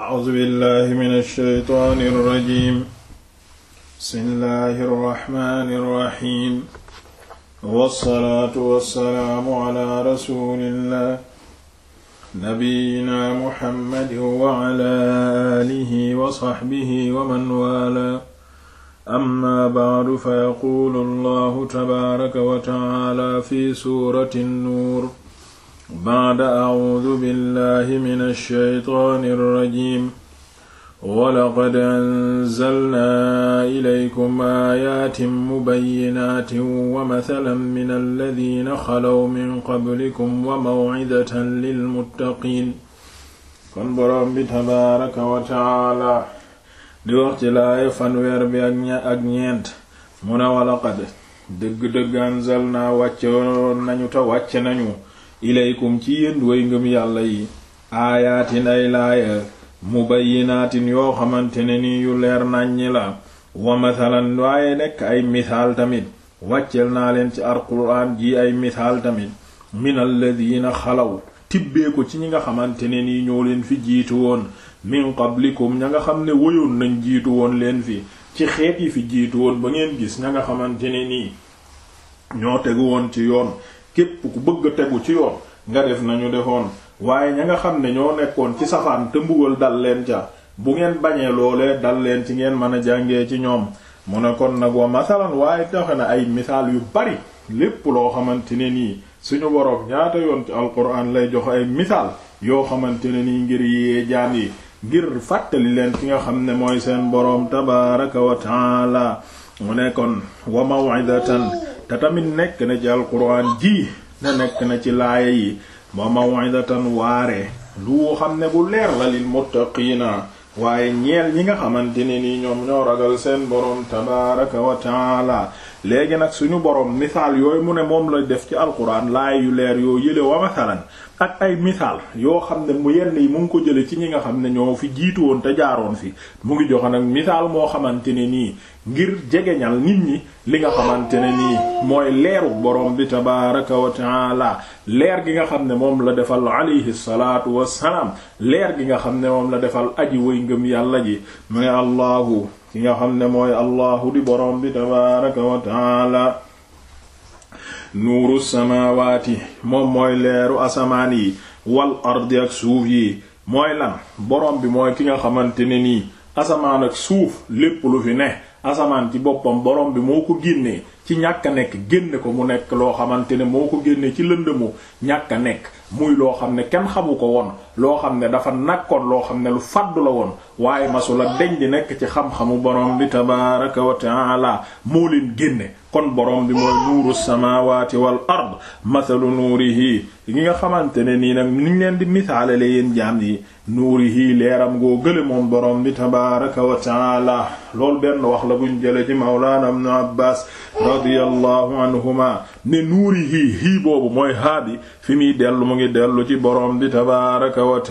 A'uuzu billaahi mina shaytaani rajiim. Bismillaahi rahmaani rahiim. Wassalaatu wassalaamu alaa rasuulillaah. Nabiyyinaa Muhammadin wa alaa aalihi wa sahbihi wa man waalaa. Ammaa ba'du fayaquulu Allaahu tabaaraka wa ta'aalaa fi suurati Nuur. baada acuudu billahi min alsheytaani alrajim walaqad anzalnaa ilaykum aayaatin mubayyinaatin wa mathalan min alladina xalaw min qablikum wa mawcidatan lilmuttaqiin kon boroom bi tabaaraka wa tacaala di wax ci laaya fanweer bi ak ñeent mu ne walaqad dëgg-dëgg anzalnaa wàcce nañu te wàcce nañu ilaykum ci yéen way ngëm yàlla yi aayaatin ay laaya mubayyinaatin yoo xamante ne ni yu leer nàññi la wa mathalan waaye nekk ay misaal tamit wàcceel naa leen ci alquraan ji ay misaal tamit min alladina xalaw tibbee ko ci ñi nga xamante ne nii ñoo leen fi jiitu woon min qablikum ña nga xam ne woyoon nañ jiitu woon leen fi ci xeet yi fi jiitu woon ba ngeen gis ña nga xamante ne nii ñoo tegu woon ci yoon képp ku bëgg a tegu ci yoon nga def nañu defoon waaye ña nga xam ne ñoo nekkoon ci safaan te mbugal dal leen ca bu ngeen bañee loolee dal leen ci ngeen mën a jàngee ci ñoom mu nekkoon kon nag wa masalan waaye taxe na ay misaal yu bari lépp loo xamante ne nii suñu boroom ñaata yoon ci alquran lay jox ay misaal yoo xamante ne nii ngir yee jaan yi ngir fàttali leen ki nga xam ne mooy seen boroom tabaraka wa taala mu nekkoon kon wa te tamit nekk na ci alquran ji ne nekk na ci laaya yi ma maw'idatan waare lu xam ne bu leer la lil muttaqiina waaye ñeel ñi nga xamante ne nii ñoom ñoo ragal seen boroom tabaaraka wa léegi nag suñu borom misaal yooyu mu ne moom lay def ci alquran laay yu leer yoo yële wa masalan ak ay misaal yoo xam ne mu yenn yi mu ngi ko jële ci ñi nga xam ne ñoo fi jiitu woon te jaaroon fi mu ngi joxe nag misaal moo xamante ne nii ngir jegeñal nit ñi li nga xamante ne nii mooy leeru borom bi tabaraka wa taala leer gi nga xam ne moom la defal alayhi salaatu leer gi nga xam ne moom la defal aji way ngëm yàlla ji mu ne allahu ci nga xam ne mooy allahu di boroom bi tabaaraka wa taala nuuru samaawaati moom mooy leeru asamaan yi wal ardi ak suuf yi mooy lan boroom bi mooy ki nga xamante ne nii asamaan ak suuf lépp lu fi ne asamaan ci boppam borom bi moo ko génnee ci ñàkk a nekk génne ko mu nekk loo xamante ne moo ko génnee ci lëndëmu ñàkk a nekk muy loo xam ne kenn xamu ko woon loo xam ne dafa nakkoon loo xam ne lu fàddu la woon waaye masu a deñ di nekk ci xam-xamu borom bi tabaraka wa taala moo leen génne kon borom bi mooy nuuru samaawaati wal ard mathalu nuurihi gi nga xamante ne nii nag niñ leen di misaalale yéen jaam yi nuurihi leeram goo gële moom borom bi tabaaraka wa taala benn wax la buñ jële ci mawlaana ibnu abbaas radiyallahu anhuma ne nuurihi hii boobu mooy haabi fi muy dellu mu ngi dellu ci borom bi tabaaraka wa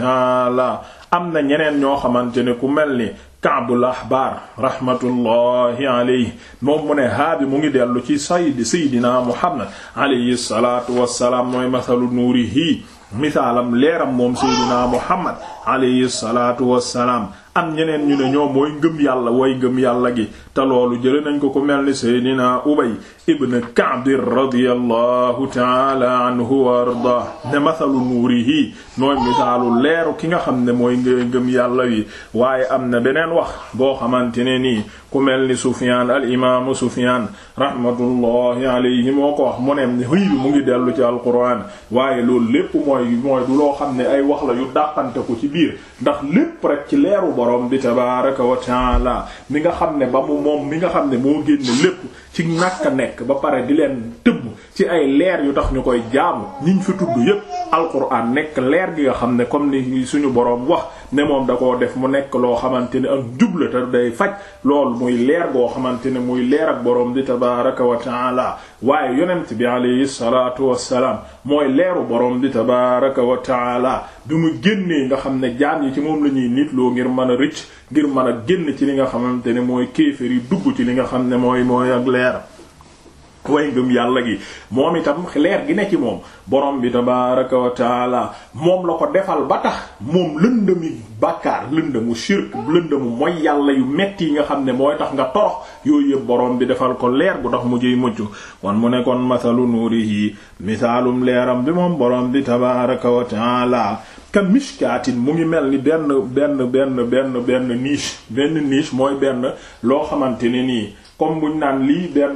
am na ñeneen ñoo xamante ne ku mel ni Kaabul Ahbaar rahmatullahi alayhi moom mu ne haabi mu ngi dellu ci sayyid sayyidina Muhammad alayhi salaatu wassalaam mooy masalu nuurihi misaalam leeram moom sayyidina Muhammad alayhi salaatu wassalaam am ñeneen ñu ne ñoom mooy ngëm yàlla way ngëm yàlla gi te loolu jële nañ ko ko mel ni seydina ubay ibn Ka'b radiyallahu taala anhu wa arda ne masalu nuurihi nooy misaalu leeru ki nga xam ne mooy ngëm yàlla wi waaye am na beneen wax boo xamante ne nii ku mel ni Sufyaan al imaamu Sufyaan rahmatullahi alayhi moo ko wax mu ne hii bi mu ngi dellu ci alquran waaye loolu lépp mooy mooy du loo xam ne ay wax la yu dàqante ko ci biir ndax lépp rek borom bi tabaaraka wa taala mi nga xam ne ba mu moom mi nga xam ne moo génne lépp ci nàkk nekk ba pare di leen tëbb ci ay leer yu tax ñu koy jaamu ñiñ fi tudd yépp alquran nekk leer gi nga xam ne comme ni suñu boroom wax ne moom da koo def mu nekk loo xamante ne ak jubla day faj loolu muy leer goo xamante ne muy leer ak boroom di tabaraka wa taala waaye yonent bi alayhi mooy leeru boroom di tabaraka wa taala bi mu génnee nga xam ne jaam yi ci moom la ñuy nit loo ngir mën a rëcc ngir mën a génn ci li nga xamante ne mooy kéefër yi dugg ci li nga xam ne mooy mooy ak leer way ngëm yàlla gi moom itam leer gi ne ci moom borom bi tabaaraka wa taala moom la ko defal ba tax moom lëndëmi bàkkaar lëndëmu shirk lëndëmu mooy yàlla yu metti yi nga xam ne mooy tax nga torox yooyu yëpp borom bi defal ko leer bu tax mujjuy mucc kon mu nekkoon kon masalu nuurihi misaalum leeram bi moom borom bi tabaaraka wa taala ka mishkaatin mu ngi mel ni benn benn benn benn benn niche benn niche mooy benn loo xamante ne nii kom buñ naan lii benn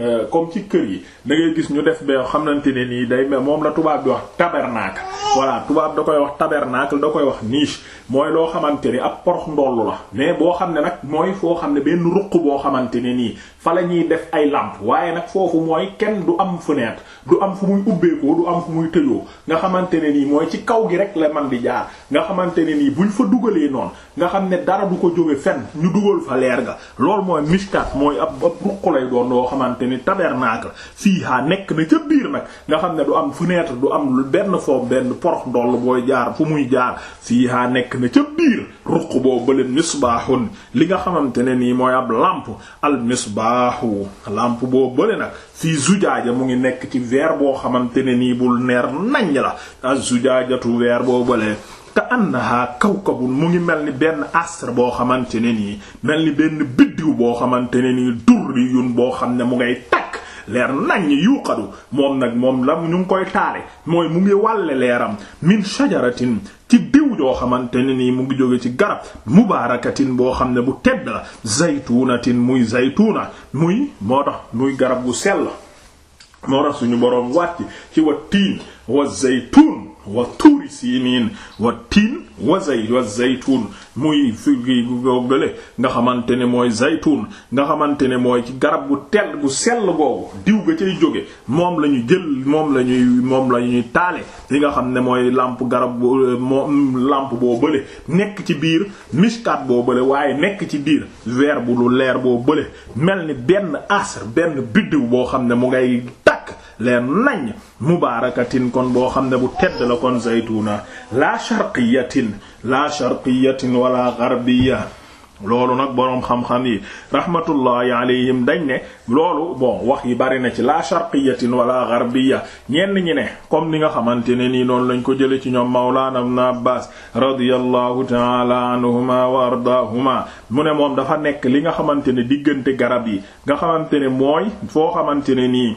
Euh, comme ci kër yi da ngay gis ñu def ba xamante ne nii day moom la tubaab bi wax tabernacle voilà tubaab da koy wax tabernacle da koy wax niche mooy loo xamante ni ab porox ndollu la mais boo xam ne nag mooy foo xam ne benn ruq boo xamante ne nii fa la ñuy def ay lampe waaye nag foofu mooy kenn du am fenêtre du am fu muy ubbeekoo am fu muy tëjoo nga xamante ne nii mooy ci kaw gi rek la man di jaar nga xamante ne nii buñ fa dugalee noonu nga xam ne dara du ko jóge fenn ñu dugal fa leer ga loolu mooy mishkat mooy ab ab ruq lay doon loo xamante ni tabernacle fii ha nekk na ca biir nag nga xam ne du am fenêtre du am benn foofu benn porox ndoll booy jaar fu muy jaar fiihaa nekk na ca biir ruq boo bële misbaahun li nga xamante ne nii mooy ab lamp al misbaahu làmp boo bële nag fii zujaaja mu ngi nekk ci verre boo xamante ne nii bul neer naññ la ak zujaajatu verre boo bële ka annaha kawkabun mu ngi mel ni benn astre boo xamante ne nii mel ni benn biddiw boo xamante ne nii durriyun boo xam ne mu ngay takk leer nag ñi yuuqadu moom nag moom la ñu ngi koy taale mooy mu ngi wàlle leeram min shajaratin ci diw joo xamante ne nii mu ngi jóge ci garab mubaarakatin boo xam ne bu tedd la muy zaytuuna muy moo tax muy garab gu sell moo tax suñu boroom wàcc ci wa tiin wa wa zay wa zaytuun muy fii gële nga xamante ne mooy zaytuun nga xamante ne mooy ci garab gu tell gu sell googu diw ga cay jóge moom la jël moom la ñuy moom la ñuy taale li nga xam ne mooy làmp garab moom boo bële nekk ci biir mishkat boo bële waaye nekk ci biir weer bu lu leer boo bële mel ni benn asr benn biddiw boo xam ne mu ngay leen nañ mubaarakatin kon boo xam ne bu tedd la kon zaytuna la sharqiyatin la sharqiyatin wala gharbiya loolu nag boroom xam-xam yi rahmatullahi alayhim dañ ne loolu bon wax yi bari na ci laa sharqiyatin wala gharbiya ñenn ñi ne comme ni nga xamante ne nii noonu lañ ko jële ci ñoom mawlana ibn abbas radiyallahu taala anhuma wa ardahuma mu ne moom dafa nekk li nga xamante ne diggante garab yi nga xamante ne mooy foo xamante ne nii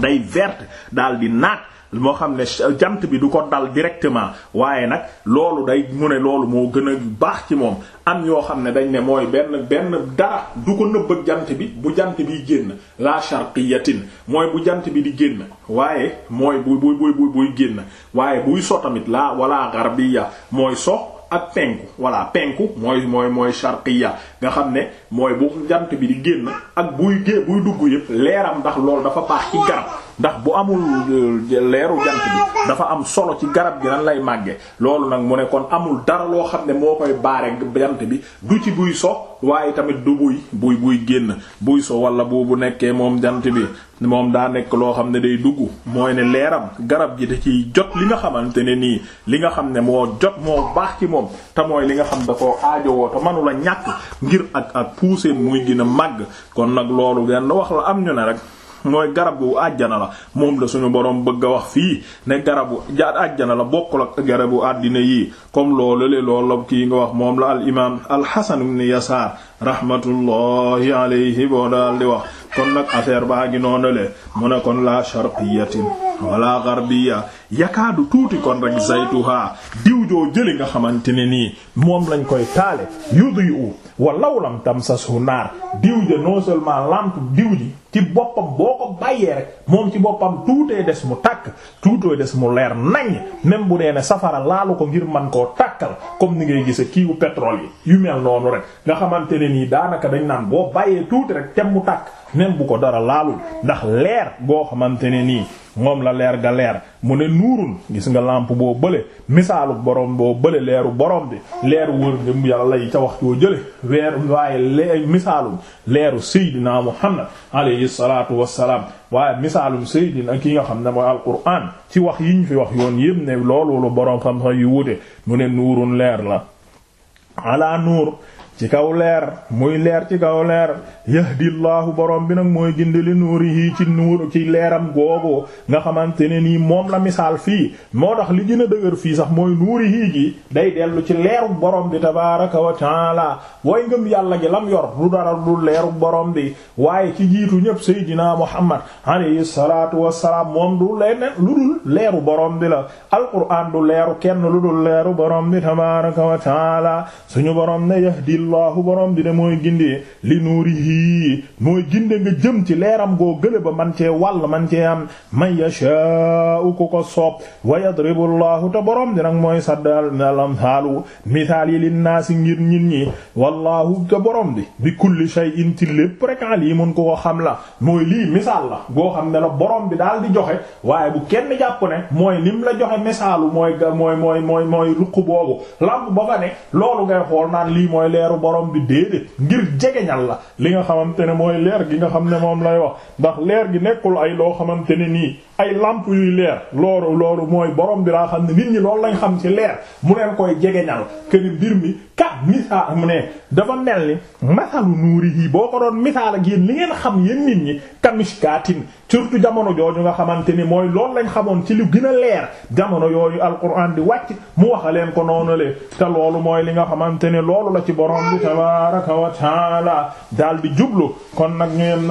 day vert daal di naat moo xam ne jant bi du ko dal directement waaye nag loolu day mu ne loolu moo gën a baax ci moom am yoo xam ne dañ ne mooy benn benn dara du ko nëbb ak jant bi bu jant biy génn la sharqiyatin mooy bu jant bi di génn waaye mooy buy buy buy buy génn waaye buy so tamit la wala garbiya mooy so ak penku voilà penku mooy mooy mooy sharqiya nga xam ne mooy bu jant bi di génn ak buy gée buy dugg yëpp leeram ndax loolu dafa baax ci garab ndax bu amul euh, leeru jant bi dafa am solo ci garab gi nan lay màgge loolu nag mu ne kon amul dara loo xam ne moo koy baare jant bi du ci buy so waaye tamit du buy buy buy génn buy so wala bu bu nekkee moom jant bi moom daa nekk loo xam ne day dugg mooy ne leeram garab gi da ciy jot li nga xamante ne nii li nga xam ne moo jot moo baax ci moom te mooy li nga xam da ko aajowoo te manula ñàkk ngir ak ak puuseen muy gën a màgg kon nag loolu benn wax la am ñu rek mooy garabu àjjana la moom la suñu borom bëgg a wax fii ne garabu ja àjjana la bokkul ak garabu àddina yi comme loolu le loolu la kii nga wax moom la al imaam al Hasan ibn Yasaar rahmatullahi alayhi boo daal di wax kon nag affaire baa gi noonu le mu ne kon la sharqiyatin wala garbiya yakaadu tuuti kon rek zaytuha diw joo jëli nga xamante ne nii moom lañ koy taale yuduy u walaw lam tamsasu naar diw ja non seulement lampe diw ji ci boppam boo ko bàyyee rek moom ci boppam tuutee des mu tàkk tuutoo des mu leer nañ même bu dee ne safara laalu ko ngir man koo tàkkal comme ni ngay gise kiiwu pétrole yi yu mel noonu rek nga xamante ne nii daanaka dañu naan boo bàyyee tuuti rek tem mu tàkk même bu ko dara laalul ndax leer goo xamante ne nii moom la leer ga leer mu ne nuurun gis nga làmp boo bële misaalu borom boo bële leeru borom bi leer wër ngëm yàlla yi ca wax coo jële weer waaye le misaalum leeru seydina muhammad alayhi salatu wassalaam waaye misaalum seydina ki nga xam ne mooy alquran ci wax yi ñu fi wax yoon yépp ne loolu lu borom xam-xam yu wute mu ne nuurun leer la ala nuur ci kaw leer muy leer ci kaw leer yahdillaahu borom bi nag mooy gindi li nuurihi ci nuur ci leeram googu nga xamante ne nii moom la misaal fii moo tax li gën a dëgër fii sax mooy nuurihi gi day dellu ci leeru borom bi tabaaraka wa taala way ngëm yàlla gi lam yor lu dara lu leeru borom bi waaye ci jiitu ñëpp seydinaa muhammad alayhi salaatu wassalaam moom du leneen lu dul leeru borom bi la alquraan du leeru kenn lu dul leeru borom bi tabaaraka wa yahdillahu borom bi de mooy gindi li nuurihi mooy ginde nga jëm ci leeram goo gële ba man cee wàll man cee am man yashaa'u ko soob wa yadribu llahu te borom bi nag mooy saddal al amthaalu mithaal yi linnaasi ngir nit ñi wallahu te borom bi bi kulli shay'in ci lépp rek alimun ku xam la mooy lii misaal la goo xam ne la borom bi daal di joxe waaye bu kenn jàpp ne mooy lim la joxe misaalu mooy mooy mooy mooy boobu lamp ba fa ne loolu ngay xool naan lii mooy leeru borom bi déedéet ngir jegeñal la li nga xamante ne mooy leer gi nga xam ne moom lay wax ndax leer gi nekkul ay loo xamante ne nii ay lamp yuy leer loolu loolu mooy borom bi laa xam ne nit ñi loolu lañ xam ci leer mu leen koy jegeñal këni mbir mi kat misaal ah, mu ne dafa mel ni masalu nuuri yi boo ko doon misaal ak yéen li ngeen xam yéen nit ñi kamishkaatin surtout jamono jooju nga xamante ni mooy loolu lañ xamoon ci lu gën leer jamono yooyu alquran di wàcc mu wax leen ko noonu le te loolu mooy li nga xamante ne loolu la ci borom bi tabaraka wa taala daal di jublu kon nag ñu yem